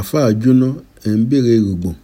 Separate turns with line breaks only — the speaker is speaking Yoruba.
àáfàá jóná ẹ̀ ń béèrè rògbòn